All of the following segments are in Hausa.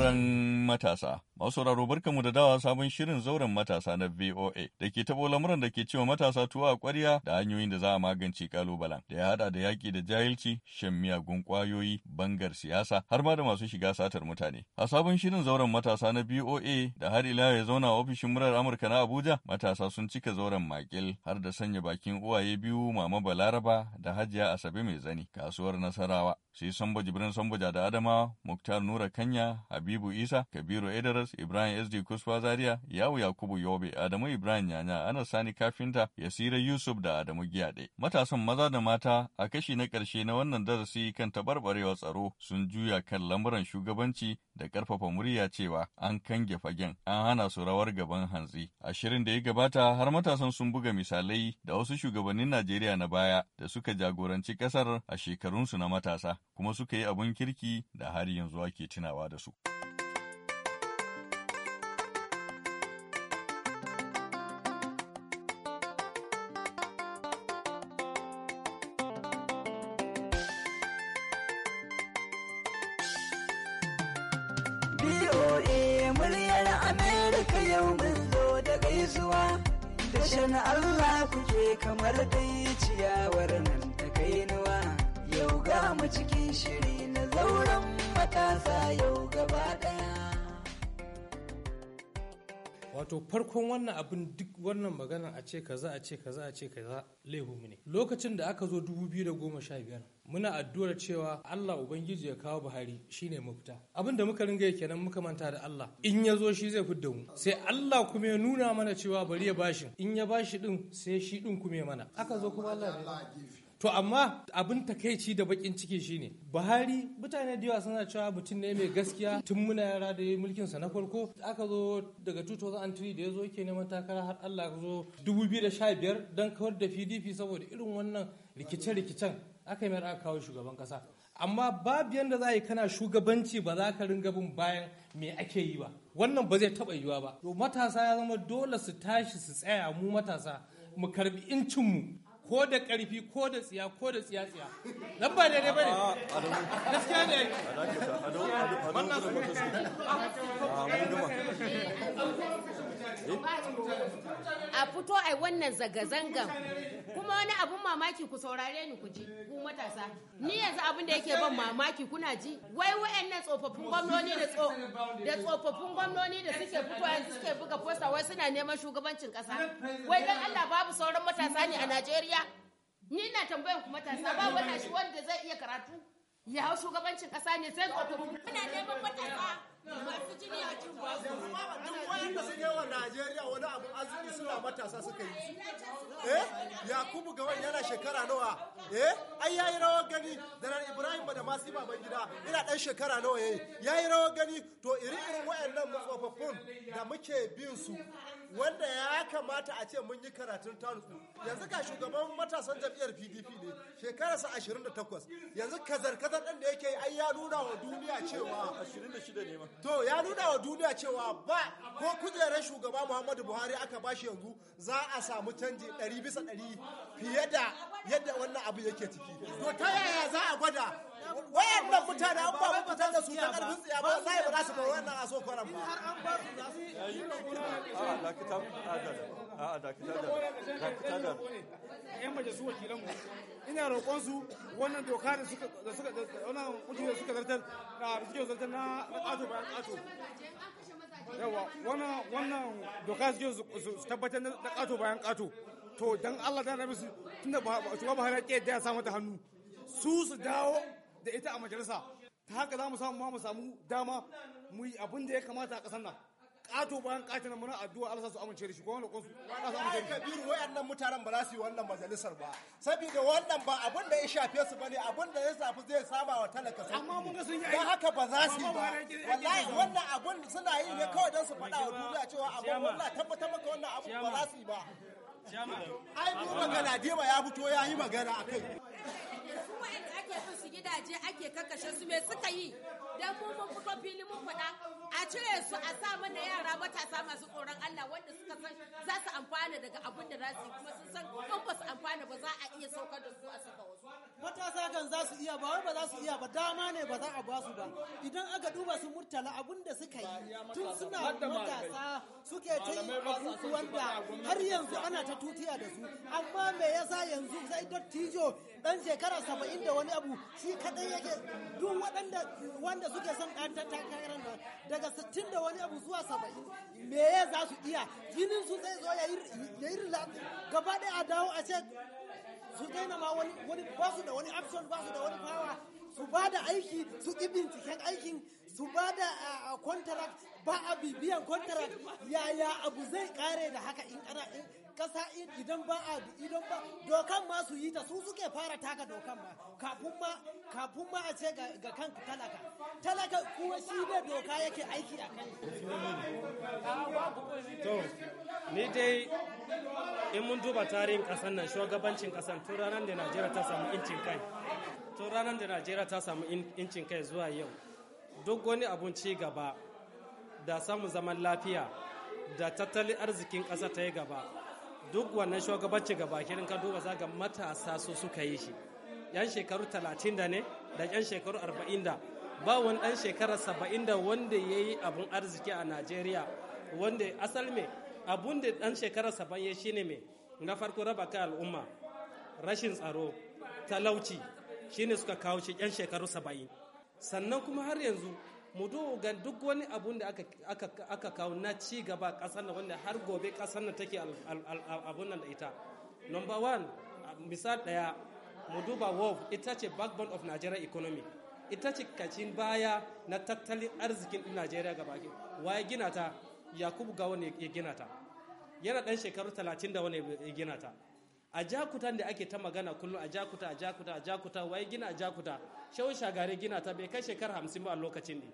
sauran matasa. barka mu da dawa sabon shirin zauren matasa na VOA da ke taɓo lamuran da ke cewa matasa tuwa a ƙwarya da hanyoyin da za a magance kalubalen da ya haɗa da yaƙi da jahilci, shan miyagun ƙwayoyi, bangar siyasa har ma da masu shiga satar mutane. A sabon shirin zauren matasa na VOA da har ila ya zauna a ofishin murar Amurka na Abuja matasa sun cika zauren makil har da sanya bakin uwaye biyu Mama Balaraba da Hajiya Asabe mai zani kasuwar Nasarawa. Sai Sambo Jibrin Sambuja da Adama, Muktar Nura Kanya, Habibu Isa, Kabiru Edaras, Ibrahim SD Kuswa Zaria, Yawu Yakubu Yobe, Adamu Ibrahim Nyanya, Ana Sani Kafinta, ya Yasira Yusuf da Adamu Giyade. Matasan maza da mata a kashi na ƙarshe na wannan darasi kan taɓarɓarewar tsaro sun juya kan lamuran shugabanci da ƙarfafa murya cewa an kange fagen, an hana su rawar gaban hantsi. A shirin da ya gabata har matasan sun buga misalai da wasu shugabannin Najeriya na baya da suka jagoranci ƙasar a shekarunsu na matasa, kuma suka yi abun kirki da har yanzu ake tunawa da su. gaisuwa da shan Allah kuke kamar dai ciyawar nan ta kainuwa yau ga mu cikin shiri na zauren matasa wato farkon wannan abin duk wannan magana a ce kaza a ce kaza a ce kaza laihu ne lokacin da aka zo biyar, muna addu'ar cewa Allah ubangiji ya kawo Buhari shine mafita abin da muka ringa kenan muka manta da Allah in ya zo shi zai fidda mu sai Allah kuma ya nuna mana cewa bari ya bashi in ya bashi din sai shi din kuma ya mana aka zo kuma Allah ya To amma abin takaici da bakin ciki shine Buhari mutane da yawa suna cewa mutum ne mai gaskiya tun muna yara da mulkin sa na farko aka zo daga 2003 da ya zo yake neman takara har Allah ya zo 2015 don kawar da PDP saboda irin wannan rikice-rikicen aka yi aka kawo shugaban kasa. Amma babu yadda za a yi kana shugabanci ba za ka ringa bin bayan me ake yi ba. Wannan ba zai taɓa yiwa ba. To matasa ya zama dole su tashi su tsaya mu matasa mu karbi incinmu ko da ƙarfi ko da tsiya ko da tsiya tsiya nan ba daidai ba ne ah, gaskiya ne wannan ah, Eh? a fito a wannan zanga-zangan kuma wani abun mamaki ku saurare ni ku ji ku matasa ni yanzu abin da yake ban mamaki kuna ji wai wayannan tsofaffin gwamnoni da da tsofaffin gwamnoni da suke fito yanzu suke buga posta wai suna neman shugabancin kasa wai dan Allah babu sauran matasa ne a Najeriya ni ina tambayan ku matasa ba wanda shi wanda zai iya karatu ya hau shugabancin kasa ne sai tsofaffin muna neman matasa masu jini a cikin yawan Najeriya wani abu arziki suna matasa suka yi eh Yakubu Gawan yana shekara nawa eh ai yayi rawar gani da Ibrahim da masu ban gida ina dan shekara nawa yayi yayi rawar gani to iri irin wayannan mutsofaffun da muke bin su wanda ya kamata a ce mun yi karatun taruku yanzu ga shugaban matasan jam'iyyar pdp ne shekararsa 28 yanzu kazar-kazar ɗin da yake ai ya nuna wa duniya cewa 26 ne ma to ya nuna wa duniya cewa ba ko kujerar shugaba muhammadu buhari aka bashi yanzu za a samu canji 100 bisa 100 fiye da yadda wannan abu yake ciki to ta yaya za a gwada wayannan mutane an ba ba da su ta karfin ba ba za su wannan a so kwaran ba har an ba su za su yi a da kita da a da kita da da kita da yan wakilan mu ina roƙon su wannan doka da suka da suka da wannan kuji da suka zartar da suke zartar na ato ato yawa wannan wannan doka suke su tabbatar da bayan to dan Allah da rabi su tunda shugaba da ya hannu su su dawo da ita a majalisa ta haka za mu samu ma mu samu dama mu yi abin da ya kamata a ƙasar nan ƙato bayan ƙato na muna addu'a Allah su amince da shi ko wannan amince da shi wayannan mutanen ba za su yi wannan majalisar ba saboda wannan ba abin da ya shafe su bane abin da ya shafi zai saba wa talaka sai amma mun ga sun yi dan haka ba za su yi ba wallahi wannan abun suna yi ne kawai dan su faɗa wa duniya cewa abun wallahi tabbatar maka wannan abun ba za su yi ba ai mu magana ya fito ya yi magana akai gidaje ake kakashe su me suka yi dan mu mun fito fili mun faɗa a cire su a sa mana yara matasa masu tsoron Allah wanda suka san za su amfana daga abin da za su yi kuma sun san in ba su amfana ba za a iya saukar da su a saka wasu kan za su iya ba wai ba za su iya ba dama ne ba za a ba su ba idan aka duba su murtala abun da suka yi tun suna matasa suke ta yi abubuwan da har yanzu ana ta tutiya da su amma me yasa yanzu sai dattijo dan shekara saba'in da wani abu shi kadai yake duk waɗanda wanda suke son ɗan takarar da daga sittin da wani abu zuwa saba'in me ya za su iya jinin su zai zo ya yi gaba ɗaya a dawo a ce su daina ma wani wani ba su da wani option ba su da wani power su ba da aiki su ki binciken aikin su ba da ah, contract ba a bibiyan contract yaya abu zai kare da haka in ana kasa idan ba a idan ba dokan ma su yi ta su suke fara taka dokan ma kafin ma kafin ma a ce ga kan talaka talaka kuma shi ne doka yake aiki a kai ni dai in mun duba tarihin kasan nan shugabancin kasan tun ranar da najeriya ta samu incin kai tun ranar da najeriya ta samu incin kai zuwa yau duk wani abun ci gaba da samun zaman lafiya da tattalin arzikin ƙasa ta yi gaba duk wannan shugabanci gaba kirin ka duba zaga matasa su suka yi shi yan shekaru talatin da ne da yan shekaru arba'in da ba wani dan shekara saba'in da wanda ya yi abun arziki a najeriya wanda asal mai. abun da dan shekara saban ya shine mai na farko raba kai al'umma rashin tsaro talauci shine suka kawo shi yan shekaru saba'in sannan kuma har yanzu mu ga duk wani abun da aka kawo na ci gaba kasar na wanda har gobe kasar na take abun nan da ita number one misal daya mu duba wolf ita ce backbone of nigeria economy ita ce kacin baya na tattalin arzikin nigeria gaba waye gina ta yakubu ga wani ya gina ta yana dan shekaru talatin da wani ya gina ta a jakutan da ake ta magana kullum a jakuta a jakuta a jakuta waye gina a jakuta shawun shagari gina ta bai kai shekaru hamsin ba a lokacin ne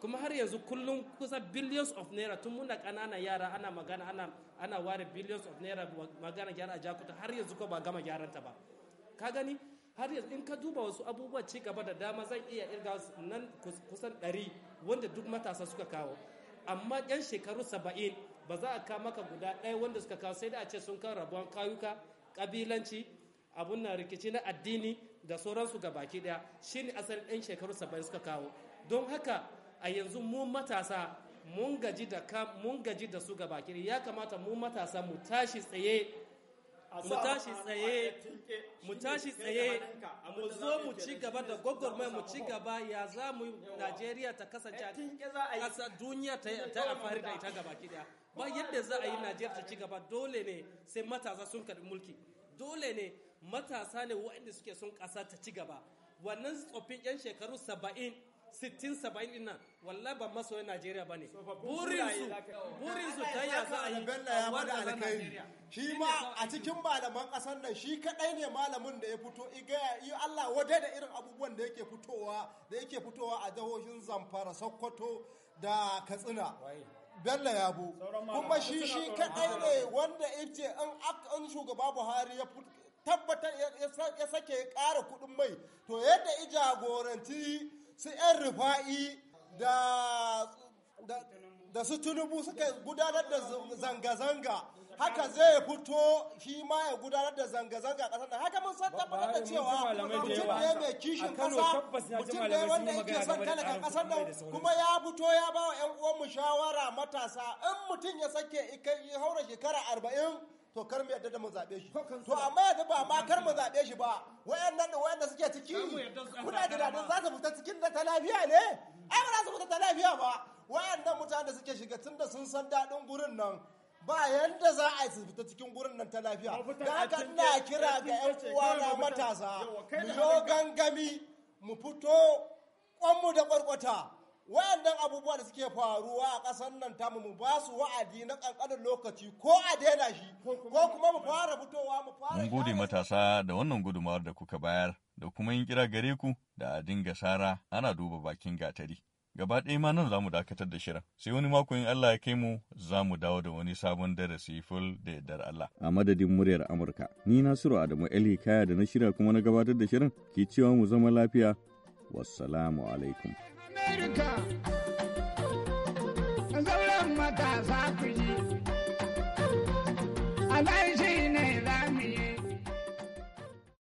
kuma har yanzu kullum kusa billions of naira tun muna kanana yara ana magana ana ana ware billions of naira magana gyara a jakuta har yanzu ko ba gama gyaran ta ba ka gani har yanzu in ka duba wasu abubuwa ci gaba da dama zan iya irga nan kusan ɗari wanda duk matasa suka kawo amma yan shekaru saba'in ba za a kawo maka guda ɗaya wanda suka kawo sai da a ce sun kan rabuwan kayuka ƙabilanci abun na rikici na addini da sauransu ga baki ɗaya shine asalin yan shekaru saba'in suka kawo don haka a yanzu mu matasa mun gaji da mun gaji da su ga baki ya kamata mu matasa mu tashi tsaye mu tashi tsaye mu tashi zo mu ci gaba da gwagwarmaya mu ci gaba ya za mu Najeriya ta kasance a ƙasa duniya ta amfani da ita gaba ki daya ba yadda za a yi Najeriya ta ci gaba dole ne sai matasa sun karbi mulki dole ne matasa ne waɗanda suke son ƙasa ta ci gaba wannan tsoffin 'yan shekaru saba'in sittin saba'in din nan wallahi ba masoyan Najeriya ba ne. Burinsu, burinsu ta yi za a yi ya bada alkhairi. Shi ma a cikin malaman kasar nan shi kadai ne malamin da ya fito igaya yi Allah wadai da irin abubuwan da yake fitowa da yake fitowa a jihohin Zamfara, Sokoto da Katsina. Bello Yabo. Kuma shi shi kadai ne wanda ya ce in shugaba Buhari ya tabbatar ya sake ya kara kuɗin mai to yadda i jagoranci su 'yan rufa'i da su tunubu suka gudanar da zanga-zanga haka zai fito shi ma ya gudanar da zanga-zanga a ƙasar haka mun san tabbatar da cewa mutum ya mai kishin ƙasa mutum ne wanda yake son talaka ƙasar nan kuma ya fito ya ba wa 'yan uwanmu shawara matasa in mutum ya sake haura shekara arba'in to kar mu yarda da mu zabe shi to amma yadda ba ma kar mu zabe shi ba wayannan da wayannan suke ciki kuna da dadin za su fita cikin da ta lafiya ne ai ba za su fita ta lafiya ba wayannan mutanen da suke shiga tunda sun san dadin gurin nan ba yanda za a yi su fita cikin gurin nan ta lafiya da haka ina kira ga yan uwana matasa mu yo gangami mu fito kwanmu da kwarkwata wayannan abubuwa da suke faruwa a ƙasar nan tamu mu ba su wa'adi na ƙanƙanin lokaci ko a daina shi ko kuma mu fara fitowa mu fara mun gode matasa da wannan gudumawar da kuka bayar da kuma yin kira gare ku da a dinga sara ana duba bakin gatari gaba ɗaya ma nan zamu dakatar da shirin sai wani mako in Allah ya kai mu zamu dawo da wani sabon darasi full da yardar Allah a madadin muryar Amurka ni Nasiru Adamu Eli kaya da na shirya kuma na gabatar da shirin ke cewa mu zama lafiya wassalamu alaikum America.